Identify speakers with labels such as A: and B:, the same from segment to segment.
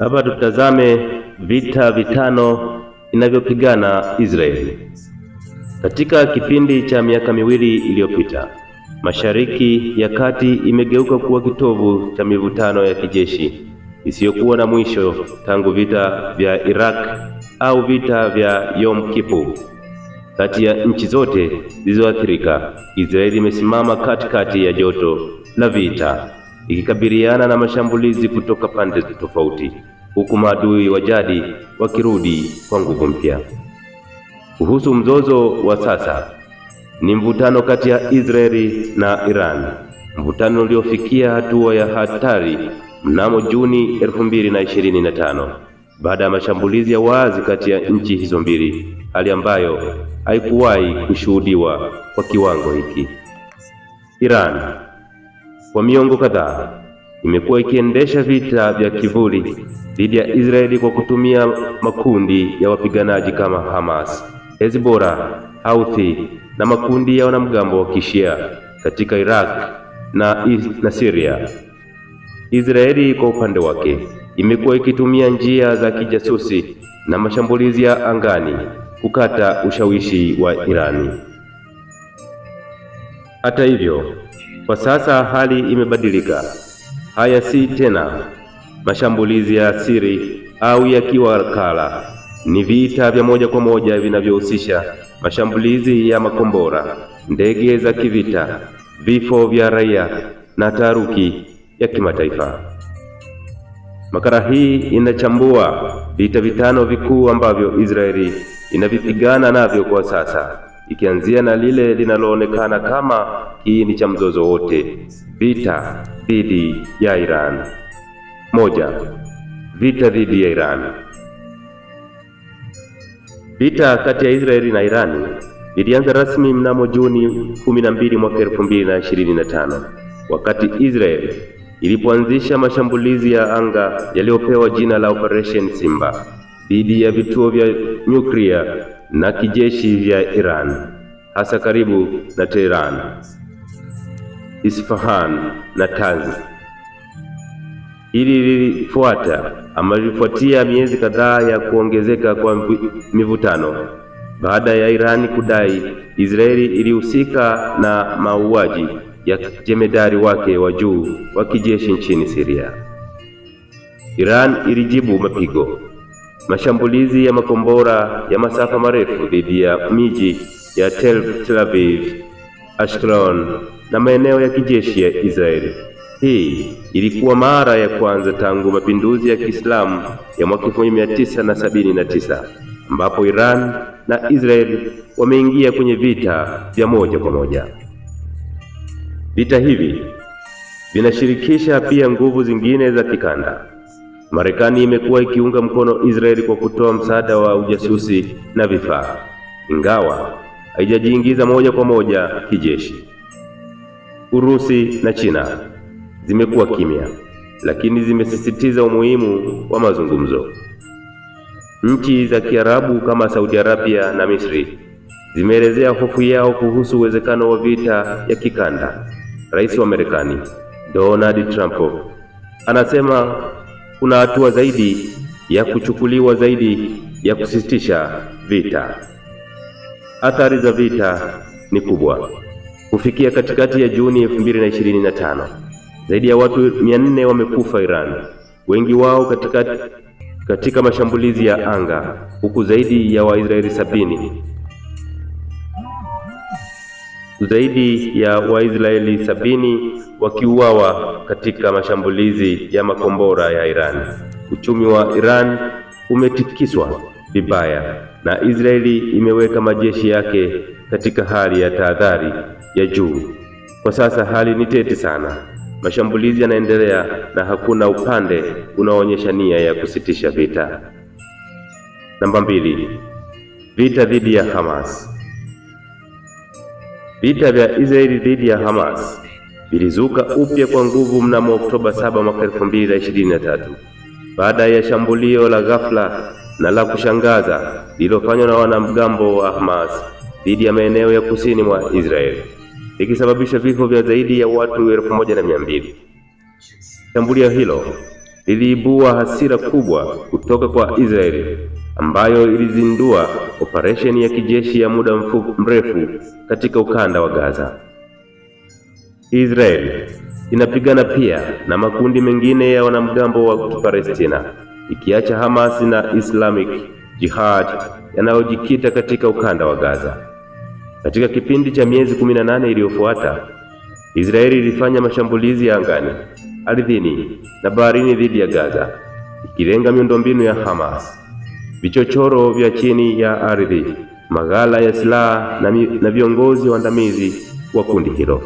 A: Hapa tutazame vita vitano inavyopigana Israeli katika kipindi cha miaka miwili iliyopita. Mashariki ya Kati imegeuka kuwa kitovu cha mivutano ya kijeshi isiyokuwa na mwisho tangu vita vya Iraq au vita vya Yom Kippur. Kati ya nchi zote zilizoathirika, Israeli imesimama katikati ya joto la vita, ikikabiliana na mashambulizi kutoka pande tofauti huku maadui wa jadi wakirudi kwa nguvu mpya. Kuhusu mzozo wa sasa, ni mvutano kati ya Israeli na Iran, mvutano uliofikia hatua ya hatari mnamo Juni 2025 baada ya mashambulizi ya wazi kati ya nchi hizo mbili, hali ambayo haikuwahi kushuhudiwa kwa kiwango hiki. Iran kwa miongo kadhaa imekuwa ikiendesha vita vya kivuli dhidi ya Israeli kwa kutumia makundi ya wapiganaji kama Hamas, Hezbollah, Houthi na makundi ya wanamgambo wa Kishia katika Iraq na, na Syria. Israeli kwa upande wake imekuwa ikitumia njia za kijasusi na mashambulizi ya angani kukata ushawishi wa Irani. Hata hivyo, kwa sasa hali imebadilika. Haya si tena mashambulizi ya asiri au ya kiwakala, ni vita vya moja kwa moja vinavyohusisha mashambulizi ya makombora, ndege za kivita, vifo vya raia na taharuki ya kimataifa. Makala hii inachambua vita vitano vikuu ambavyo Israeli inavipigana navyo kwa sasa ikianzia na lile linaloonekana kama kiini cha mzozo wote, vita dhidi ya Iran. Moja, vita dhidi ya Iran. Vita kati ya Israeli na Irani vilianza rasmi mnamo Juni 12 mwaka 2025 wakati Israeli ilipoanzisha mashambulizi ya anga yaliyopewa jina la Operation Simba dhidi ya vituo vya nyuklia na kijeshi vya Iran hasa karibu na Tehran, Isfahan na Taz. Hili lilifuata ama lilifuatia miezi kadhaa ya kuongezeka kwa mivutano baada ya Irani kudai Israeli ilihusika na mauaji ya jemedari wake wa juu wa kijeshi nchini Siria. Iran ilijibu mapigo Mashambulizi ya makombora ya masafa marefu dhidi ya miji ya Tel Aviv, Ashkelon na maeneo ya kijeshi ya Israeli. Hii ilikuwa mara ya kwanza tangu mapinduzi ya Kiislamu ya mwaka 1979 ambapo Iran na Israeli wameingia kwenye vita vya moja kwa moja. Vita hivi vinashirikisha pia nguvu zingine za kikanda Marekani imekuwa ikiunga mkono Israeli kwa kutoa msaada wa ujasusi na vifaa, ingawa haijajiingiza moja kwa moja kijeshi. Urusi na China zimekuwa kimya, lakini zimesisitiza umuhimu wa mazungumzo. Nchi za Kiarabu kama Saudi Arabia na Misri zimeelezea hofu yao kuhusu uwezekano wa vita ya kikanda. Rais wa Marekani Donald Trump anasema kuna hatua zaidi ya kuchukuliwa zaidi ya kusitisha vita. Athari za vita ni kubwa. Kufikia katikati ya Juni 2025, zaidi ya watu 400 wamekufa Iran, wengi wao katika, katika mashambulizi ya anga, huku zaidi ya Waisraeli sabini zaidi ya Waisraeli sabini wakiuawa katika mashambulizi ya makombora ya Iran. Uchumi wa Iran umetikiswa vibaya na Israeli imeweka majeshi yake katika hali ya tahadhari ya juu. Kwa sasa hali ni tete sana. Mashambulizi yanaendelea na hakuna upande unaoonyesha nia ya kusitisha vita. Namba mbili, vita dhidi ya Hamas. Vita vya Israeli dhidi ya Hamas vilizuka upya kwa nguvu mnamo Oktoba 7 mwaka 2023 baada ya shambulio la ghafla na la kushangaza lililofanywa na wanamgambo wa Hamas dhidi ya maeneo ya kusini mwa Israeli ikisababisha vifo vya zaidi ya watu elfu moja na mia mbili. Shambulio hilo liliibua hasira kubwa kutoka kwa Israeli ambayo ilizindua operesheni ya kijeshi ya muda mfupi mrefu katika ukanda wa Gaza. Israel inapigana pia na makundi mengine ya wanamgambo wa Kipalestina ikiacha Hamas na Islamic Jihad yanayojikita katika ukanda wa Gaza. Katika kipindi cha miezi 18 iliyofuata, Israeli ilifanya mashambulizi ya angani, ardhini na baharini dhidi ya Gaza, ikilenga miundombinu ya Hamas vichochoro vya chini ya ardhi, maghala ya silaha na, na viongozi waandamizi wa kundi hilo.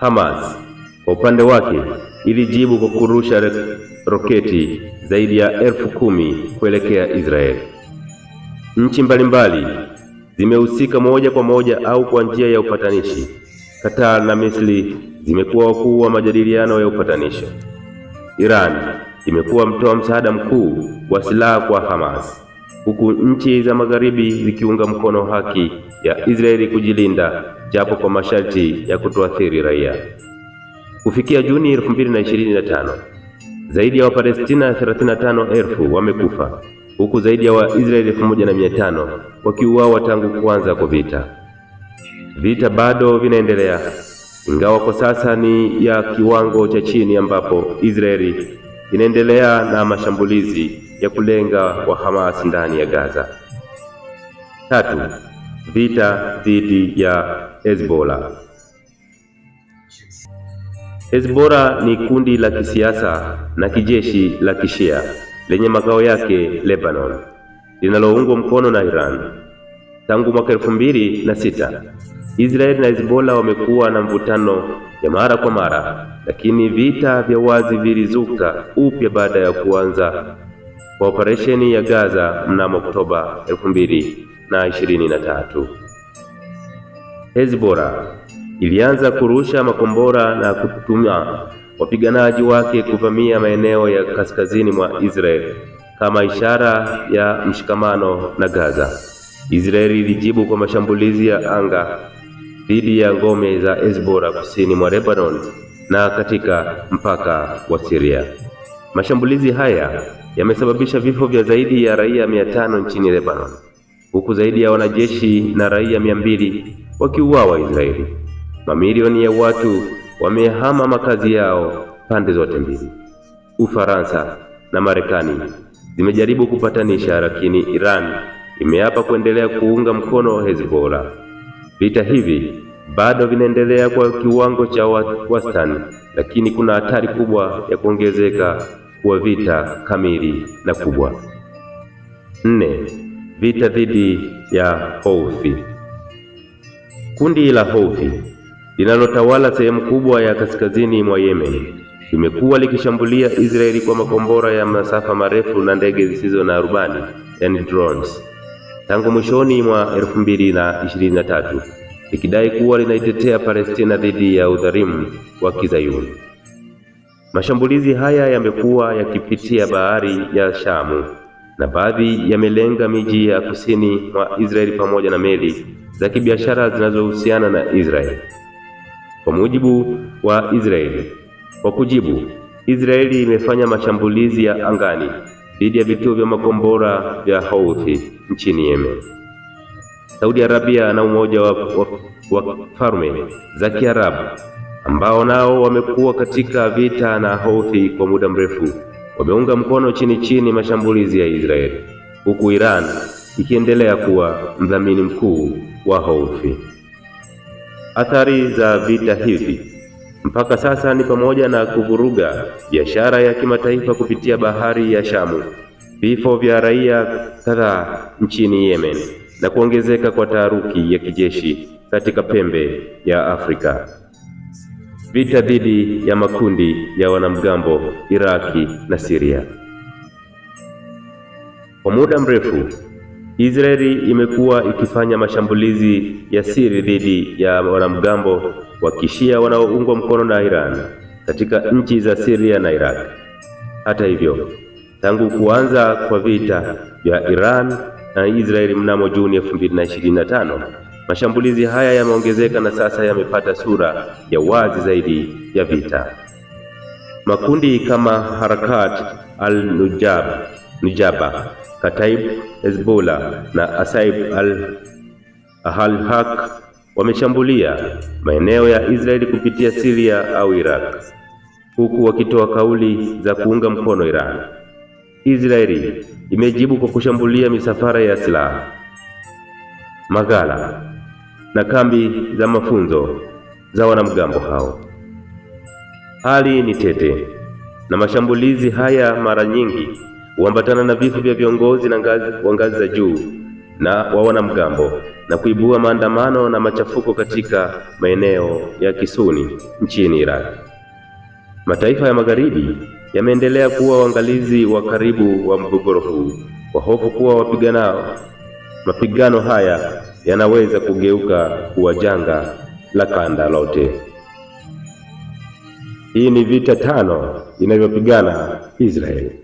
A: Hamas kwa upande wake ilijibu kwa kurusha roketi zaidi ya elfu kumi kuelekea Israeli. Nchi mbalimbali zimehusika moja kwa moja au kwa njia ya upatanishi. Qatar na Misri zimekuwa wakuu wa majadiliano ya upatanisho. Iran imekuwa mtoa msaada mkuu wa silaha kwa Hamas, huku nchi za magharibi zikiunga mkono haki ya Israeli kujilinda japo kwa masharti ya kutoathiri raia. Kufikia Juni 2025, zaidi ya Wapalestina 35,000 wamekufa huku zaidi ya Waisraeli 1500 wakiuawa tangu kuanza kwa vita. Vita bado vinaendelea ingawa kwa sasa ni ya kiwango cha chini ambapo Israeli inaendelea na mashambulizi ya kulenga wa Hamas ndani ya Gaza. Tatu, vita dhidi ya Hezbollah. Hezbollah ni kundi la kisiasa na kijeshi la Kishia lenye makao yake Lebanon linaloungwa mkono na Iran tangu mwaka elfu mbili na sita. Israeli na Hezbollah wamekuwa na mvutano ya mara kwa mara, lakini vita vya wazi vilizuka upya baada ya kuanza kwa operesheni ya Gaza mnamo Oktoba 2023. Hezbollah ilianza kurusha makombora na kutumia wapiganaji wake kuvamia maeneo ya kaskazini mwa Israeli kama ishara ya mshikamano na Gaza. Israeli ilijibu kwa mashambulizi ya anga dhidi ya ngome za Hezbollah kusini mwa Lebanon na katika mpaka wa Syria. Mashambulizi haya yamesababisha vifo vya zaidi ya raia mia tano nchini Lebanon, huku zaidi ya wanajeshi na raia mia mbili wakiuawa Israeli. Mamilioni ya watu wamehama makazi yao pande zote mbili. Ufaransa na Marekani zimejaribu kupatanisha, lakini Iran imeapa kuendelea kuunga mkono Hezbollah. Vita hivi bado vinaendelea kwa kiwango cha wastani, lakini kuna hatari kubwa ya kuongezeka kuwa vita kamili na kubwa. Nne, vita dhidi ya hofu. Kundi la hofu linalotawala sehemu kubwa ya kaskazini mwa Yemen limekuwa likishambulia Israeli kwa makombora ya masafa marefu na ndege zisizo na rubani, yani drones tangu mwishoni mwa 2023 likidai kuwa linaitetea Palestina dhidi ya udhalimu wa Kizayuni. Mashambulizi haya yamekuwa yakipitia bahari ya Shamu na baadhi yamelenga miji ya kusini mwa Israeli pamoja na meli za kibiashara zinazohusiana na Israeli. Kwa mujibu wa Israeli, kwa kujibu, Israeli imefanya mashambulizi ya angani dhidi ya vituo vya makombora vya Houthi nchini Yemen. Saudi Arabia na Umoja wa, wa, wa Falme za Kiarabu ambao nao wamekuwa katika vita na Houthi kwa muda mrefu wameunga mkono chini chini mashambulizi ya Israeli, huku Iran ikiendelea kuwa mdhamini mkuu wa Houthi. Athari za vita hivi mpaka sasa ni pamoja na kuvuruga biashara ya kimataifa kupitia bahari ya Shamu vifo vya raia kadhaa nchini Yemen na kuongezeka kwa taharuki ya kijeshi katika pembe ya Afrika. Vita dhidi ya makundi ya wanamgambo Iraki na Siria. Kwa muda mrefu, Israeli imekuwa ikifanya mashambulizi ya siri dhidi ya wanamgambo wa Kishia wanaoungwa mkono na Iran katika nchi za Siria na Iraq. Hata hivyo Tangu kuanza kwa vita vya Iran na Israeli mnamo Juni 2025, mashambulizi haya yameongezeka na sasa yamepata sura ya wazi zaidi ya vita. Makundi kama Harakat al-Nujab, Nujaba, Kataib, Hezbollah na Asaib al-Halhaq wameshambulia maeneo ya Israeli kupitia Siria au Iraq, huku wakitoa kauli za kuunga mkono Iran. Israeli imejibu kwa kushambulia misafara ya silaha, magala na kambi za mafunzo za wanamgambo hao. Hali ni tete na mashambulizi haya mara nyingi huambatana na vifo vya viongozi na ngazi wa ngazi za juu na wa wanamgambo na kuibua maandamano na machafuko katika maeneo ya Kisuni nchini Iraq. Mataifa ya Magharibi yameendelea kuwa waangalizi wa karibu wa mgogoro huu kwa hofu kuwa wapiganao mapigano haya yanaweza kugeuka kuwa janga la kanda lote. Hii ni vita tano inavyopigana Israeli.